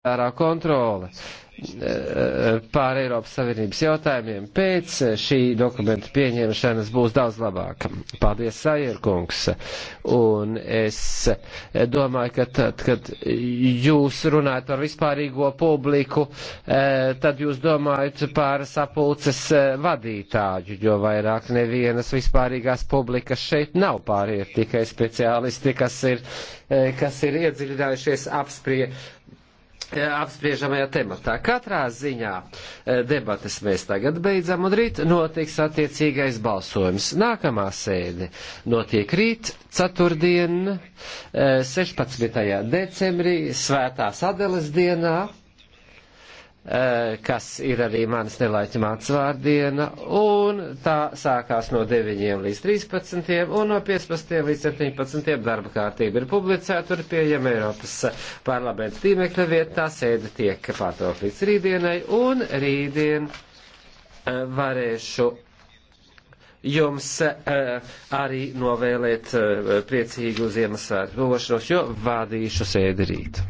parlamentārā kontrole e, e, pār Eiropas Savienības jautājumiem pēc šī dokumenta pieņemšanas būs daudz labāka. Paldies, Sajerkungs. Un es domāju, ka tad, kad jūs runājat par vispārīgo publiku, e, tad jūs domājat par sapulces vadītāju, jo vairāk nevienas vispārīgās publikas šeit nav pārējie tikai speciālisti, kas ir, kas ir iedziļinājušies apsprie, apspriežamajā tematā. Katrā ziņā e, debates mēs tagad beidzam un rīt notiks attiecīgais balsojums. Nākamā sēde notiek rīt, ceturtdien, 16. E, decembrī, svētās Adeles dienā. Eh, kas ir arī mans nelaiķa mācvārdiena, un tā sākās no 9 līdz 13, un no 15 līdz 17 darba kārtība ir publicēta, tur pieejama Eiropas parlamenta tīmekļa vietā, sēde tiek pārtraukt līdz rītdienai, un rītdien eh, varēšu jums eh, arī novēlēt priecīgu Ziemassvētku nošanos, jo vādīšu sēdi rīt.